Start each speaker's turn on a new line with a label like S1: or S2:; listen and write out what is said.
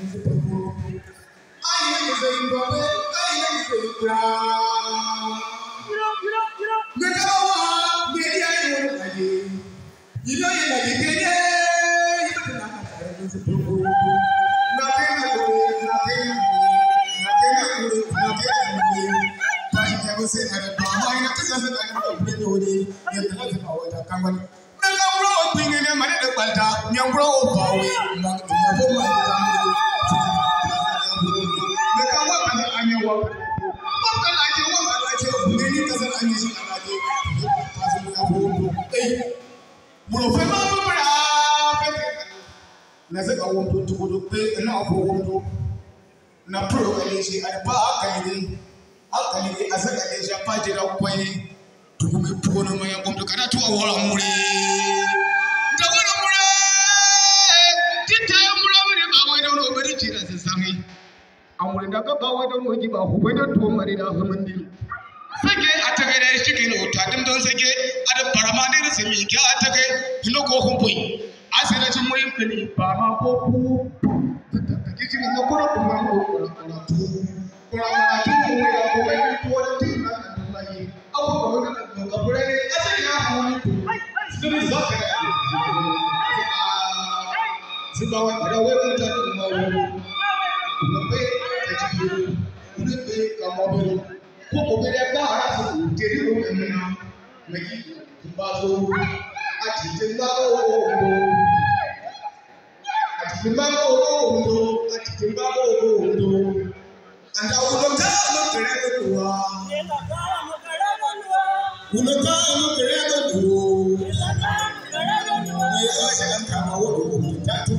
S1: ìdí gbogbo ayé ìdè ìgbàgbé ayé ìdè ìgbà. Gbẹ̀dọ̀ wá gbẹ̀dẹ̀ ayé wọn láyé ìdí ayé láyé gbẹ̀dẹ̀ ìdí àkàtà ìdí gbogbo. Nàdé nàgbé nàdé nàdé nàgbé nàdé nàgbé. Báyìí kẹ́kọ̀ọ́ sí ẹ̀rẹ̀ bá wá yẹ kí sẹ́sẹ̀ náà yẹ kó gbẹ̀dẹ̀ wọlé yẹ kí láti bá wọ́n wata lafiya wata lafiya wata lafiya ne ni ka san an yi shi a lafiya ka san ya ko ko dai mo fẹ́ ma mo bra fẹ́ na se ka wo to to do pe na ko wo to na pro ka yi shi ai ba ka yi aka yi a saka ne shi fa jira kwai to kuma ko na mai ko to kana to wa mure Ka ba bawa da mogi ba kuma da tuwon mare da mun dini. Sake a tage da shi ke nuta dim don sake a da barama ne da sami ke a tage hino ko hun A sai da cin muyin ba ma ko ku tattaki shi na kuma kuma ko kuratu. Kuratu mu ya ko bai da da tin na da yi. Abu ba wani da ga bure ne a sai ya hawan ko. Sirri za ka ga. Sibawa da wani ta da mawu. biru kule be ka mɔ biru ko o bɛ dɛ ba ara fo o deli o ɛmɛ na mɛ yi kun b'a to a ti te ba o o o a ti te ba o o o a ti te ba o o o a da wolo ta mo kɛrɛ ko do wa wolo ta mo kɛrɛ ko do o yɛ ɔ sɛgɛn kama o do o ta to